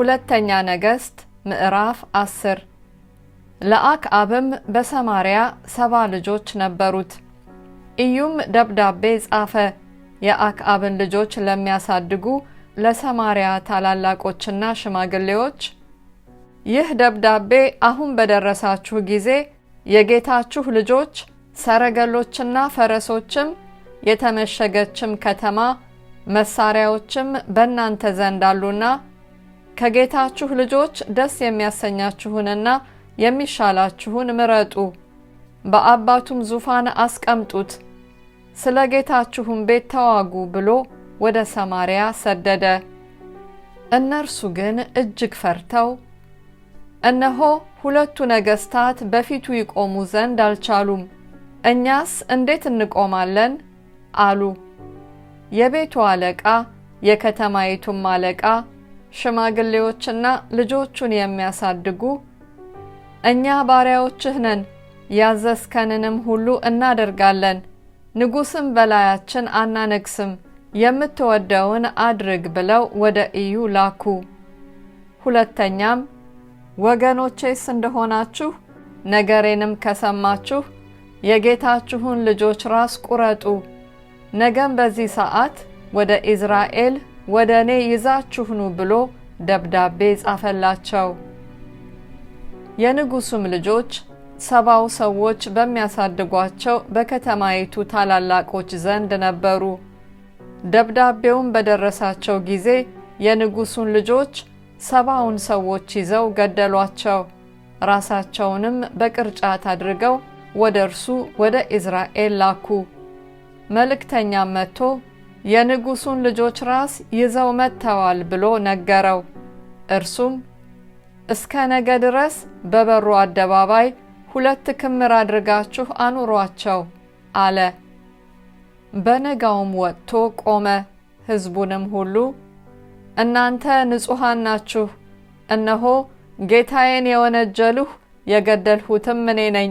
ሁለተኛ ነገሥት ምዕራፍ አስር ለአክዓብም በሰማርያ ሰባ ልጆች ነበሩት። ኢዩም ደብዳቤ ጻፈ፣ የአክዓብን ልጆች ለሚያሳድጉ ለሰማርያ ታላላቆችና ሽማግሌዎች ይህ ደብዳቤ አሁን በደረሳችሁ ጊዜ የጌታችሁ ልጆች ሰረገሎችና ፈረሶችም የተመሸገችም ከተማ መሳሪያዎችም በእናንተ ዘንድ አሉና ከጌታችሁ ልጆች ደስ የሚያሰኛችሁንና የሚሻላችሁን ምረጡ፣ በአባቱም ዙፋን አስቀምጡት፣ ስለ ጌታችሁም ቤት ተዋጉ ብሎ ወደ ሰማርያ ሰደደ። እነርሱ ግን እጅግ ፈርተው እነሆ ሁለቱ ነገሥታት በፊቱ ይቆሙ ዘንድ አልቻሉም፣ እኛስ እንዴት እንቆማለን አሉ። የቤቱ አለቃ የከተማይቱም አለቃ ሽማግሌዎችና ልጆቹን የሚያሳድጉ እኛ ባሪያዎችህ ነን፣ ያዘዝከንንም ሁሉ እናደርጋለን፣ ንጉስም በላያችን አናነግስም፣ የምትወደውን አድርግ ብለው ወደ ኢዩ ላኩ። ሁለተኛም ወገኖቼስ እንደሆናችሁ ነገሬንም ከሰማችሁ የጌታችሁን ልጆች ራስ ቁረጡ፣ ነገም በዚህ ሰዓት ወደ ኢዝራኤል ወደ እኔ ይዛችሁኑ ብሎ ደብዳቤ ጻፈላቸው። የንጉሱም ልጆች ሰባው ሰዎች በሚያሳድጓቸው በከተማይቱ ታላላቆች ዘንድ ነበሩ። ደብዳቤውም በደረሳቸው ጊዜ የንጉሱን ልጆች ሰባውን ሰዎች ይዘው ገደሏቸው። ራሳቸውንም በቅርጫት አድርገው ወደ እርሱ ወደ ኢዝራኤል ላኩ። መልእክተኛም መጥቶ የንጉሱን ልጆች ራስ ይዘው መጥተዋል ብሎ ነገረው። እርሱም እስከ ነገ ድረስ በበሩ አደባባይ ሁለት ክምር አድርጋችሁ አኑሯቸው አለ። በነጋውም ወጥቶ ቆመ። ሕዝቡንም ሁሉ እናንተ ንጹሐን ናችሁ፣ እነሆ ጌታዬን የወነጀልሁ የገደልሁትም እኔ ነኝ።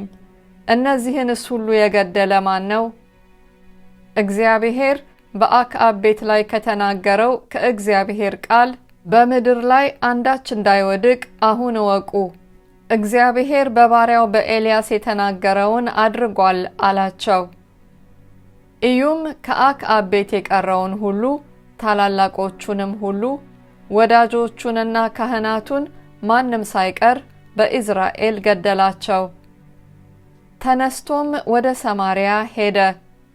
እነዚህንስ ሁሉ የገደለ ማን ነው? እግዚአብሔር በአክአብ ቤት ላይ ከተናገረው ከእግዚአብሔር ቃል በምድር ላይ አንዳች እንዳይወድቅ አሁን እወቁ፣ እግዚአብሔር በባሪያው በኤልያስ የተናገረውን አድርጓል አላቸው። ኢዩም ከአክአብ ቤት የቀረውን ሁሉ ታላላቆቹንም ሁሉ ወዳጆቹንና ካህናቱን ማንም ሳይቀር በኢዝራኤል ገደላቸው። ተነስቶም ወደ ሰማርያ ሄደ።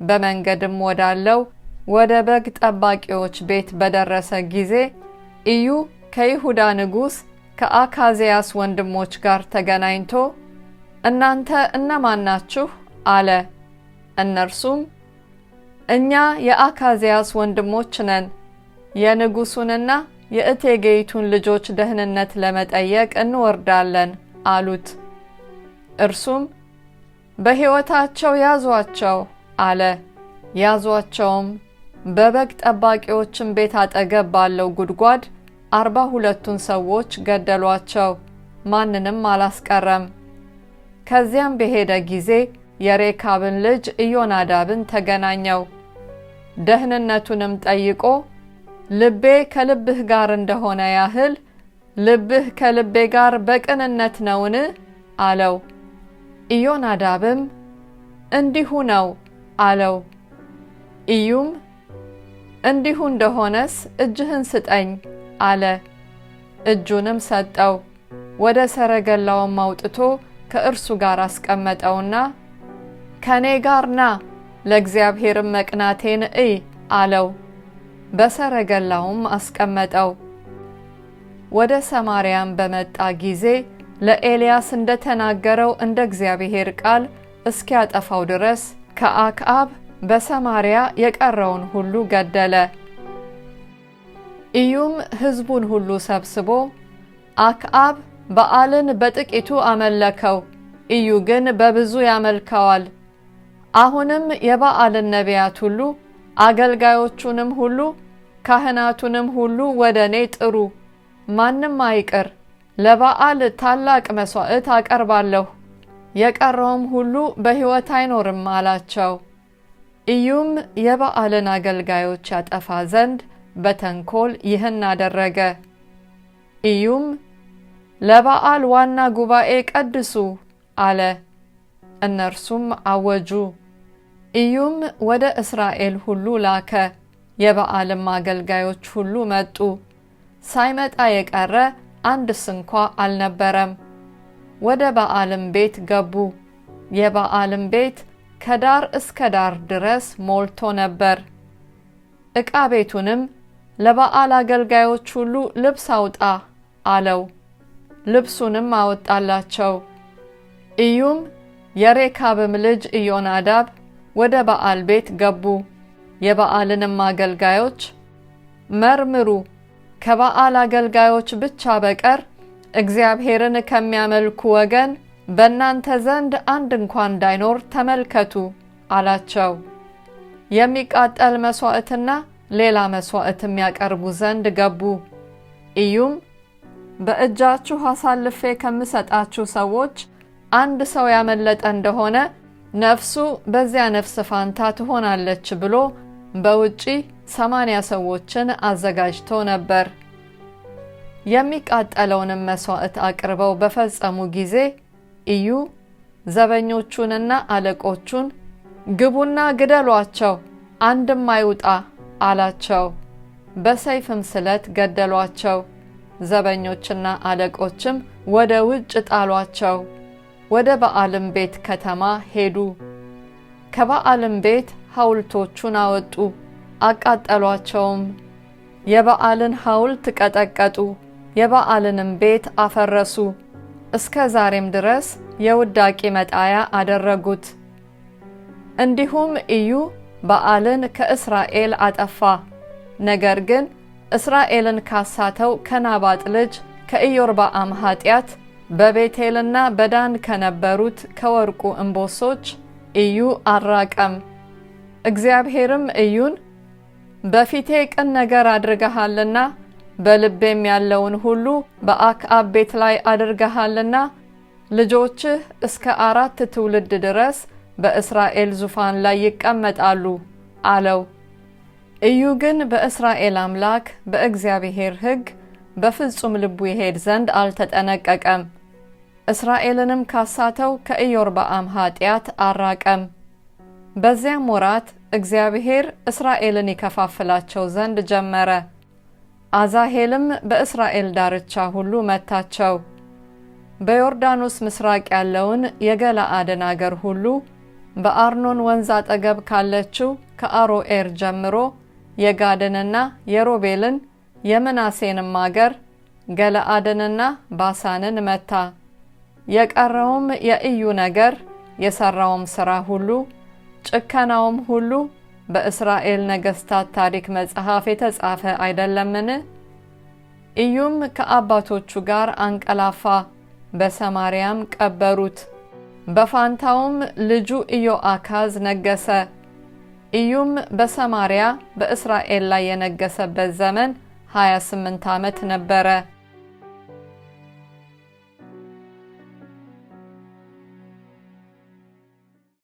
በመንገድም ወዳለው ወደ በግ ጠባቂዎች ቤት በደረሰ ጊዜ ኢዩ ከይሁዳ ንጉሥ ከአካዝያስ ወንድሞች ጋር ተገናኝቶ እናንተ እነማን ናችሁ? አለ። እነርሱም እኛ የአካዝያስ ወንድሞች ነን፣ የንጉሡንና የእቴጌይቱን ልጆች ደህንነት ለመጠየቅ እንወርዳለን አሉት። እርሱም በሕይወታቸው ያዟቸው አለ። ያዟቸውም በበግ ጠባቂዎችን ቤት አጠገብ ባለው ጉድጓድ አርባ ሁለቱን ሰዎች ገደሏቸው፣ ማንንም አላስቀረም። ከዚያም በሄደ ጊዜ የሬካብን ልጅ ኢዮናዳብን ተገናኘው። ደህንነቱንም ጠይቆ ልቤ ከልብህ ጋር እንደሆነ ያህል ልብህ ከልቤ ጋር በቅንነት ነውን? አለው። ኢዮናዳብም እንዲሁ ነው አለው። ኢዩም እንዲሁ እንደሆነስ እጅህን ስጠኝ አለ። እጁንም ሰጠው። ወደ ሰረገላውም አውጥቶ ከእርሱ ጋር አስቀመጠውና ከኔ ጋር ና ለእግዚአብሔርም መቅናቴን እይ አለው። በሰረገላውም አስቀመጠው። ወደ ሰማርያም በመጣ ጊዜ ለኤልያስ እንደተናገረው እንደ እግዚአብሔር ቃል እስኪያጠፋው ድረስ ከአክአብ በሰማሪያ የቀረውን ሁሉ ገደለ። ኢዩም ሕዝቡን ሁሉ ሰብስቦ አክአብ በዓልን በጥቂቱ አመለከው፣ ኢዩ ግን በብዙ ያመልከዋል። አሁንም የበዓልን ነቢያት ሁሉ አገልጋዮቹንም ሁሉ ካህናቱንም ሁሉ ወደ እኔ ጥሩ፣ ማንም አይቅር። ለበዓል ታላቅ መሥዋዕት አቀርባለሁ፣ የቀረውም ሁሉ በሕይወት አይኖርም አላቸው። ኢዩም የበዓልን አገልጋዮች ያጠፋ ዘንድ በተንኮል ይህን አደረገ። ኢዩም ለበዓል ዋና ጉባኤ ቀድሱ አለ። እነርሱም አወጁ። ኢዩም ወደ እስራኤል ሁሉ ላከ። የበዓልም አገልጋዮች ሁሉ መጡ። ሳይመጣ የቀረ አንድ ስንኳ አልነበረም። ወደ በዓልም ቤት ገቡ። የበዓልም ቤት ከዳር እስከ ዳር ድረስ ሞልቶ ነበር። ዕቃ ቤቱንም ለበዓል አገልጋዮች ሁሉ ልብስ አውጣ አለው። ልብሱንም አወጣላቸው። ኢዩም የሬካብም ልጅ ኢዮናዳብ ወደ በዓል ቤት ገቡ። የበዓልንም አገልጋዮች መርምሩ፣ ከበዓል አገልጋዮች ብቻ በቀር እግዚአብሔርን ከሚያመልኩ ወገን በእናንተ ዘንድ አንድ እንኳ እንዳይኖር ተመልከቱ አላቸው። የሚቃጠል መሥዋዕትና ሌላ መሥዋዕትም ያቀርቡ ዘንድ ገቡ። ኢዩም በእጃችሁ አሳልፌ ከምሰጣችሁ ሰዎች አንድ ሰው ያመለጠ እንደሆነ ነፍሱ በዚያ ነፍስ ፋንታ ትሆናለች ብሎ በውጪ ሰማንያ ሰዎችን አዘጋጅቶ ነበር። የሚቃጠለውንም መሥዋዕት አቅርበው በፈጸሙ ጊዜ ኢዩ ዘበኞቹንና አለቆቹን ግቡና ግደሏቸው፣ አንድም አይውጣ አላቸው። በሰይፍም ስለት ገደሏቸው። ዘበኞችና አለቆችም ወደ ውጭ ጣሏቸው። ወደ በዓልም ቤት ከተማ ሄዱ። ከበዓልም ቤት ሐውልቶቹን አወጡ፣ አቃጠሏቸውም። የበዓልን ሐውልት ቀጠቀጡ፣ የበዓልንም ቤት አፈረሱ። እስከ ዛሬም ድረስ የውዳቂ መጣያ አደረጉት። እንዲሁም ኢዩ በዓልን ከእስራኤል አጠፋ። ነገር ግን እስራኤልን ካሳተው ከናባጥ ልጅ ከኢዮርባ ኃጢአት በቤቴልና በዳን ከነበሩት ከወርቁ እምቦሶች ኢዩ አልራቀም። እግዚአብሔርም ኢዩን በፊቴ ቅን ነገር አድርገሃልና በልቤም ያለውን ሁሉ በአክአብ ቤት ላይ አድርገሃልና ልጆችህ እስከ አራት ትውልድ ድረስ በእስራኤል ዙፋን ላይ ይቀመጣሉ አለው። እዩ ግን በእስራኤል አምላክ በእግዚአብሔር ሕግ በፍጹም ልቡ ይሄድ ዘንድ አልተጠነቀቀም። እስራኤልንም ካሳተው ከኢዮርባአም ኃጢአት አራቀም። በዚያም ወራት እግዚአብሔር እስራኤልን ይከፋፍላቸው ዘንድ ጀመረ። አዛሄልም በእስራኤል ዳርቻ ሁሉ መታቸው። በዮርዳኖስ ምስራቅ ያለውን የገለአድን አገር ሁሉ በአርኖን ወንዝ አጠገብ ካለችው ከአሮኤር ጀምሮ የጋድንና የሮቤልን የምናሴንም አገር ገለአድንና ባሳንን መታ። የቀረውም የኢዩ ነገር የሰራውም ሥራ ሁሉ ጭከናውም ሁሉ በእስራኤል ነገስታት ታሪክ መጽሐፍ የተጻፈ አይደለምን? ኢዩም ከአባቶቹ ጋር አንቀላፋ፣ በሰማርያም ቀበሩት። በፋንታውም ልጁ ኢዮአካዝ ነገሰ። ኢዩም በሰማርያ በእስራኤል ላይ የነገሰበት ዘመን 28 ዓመት ነበረ።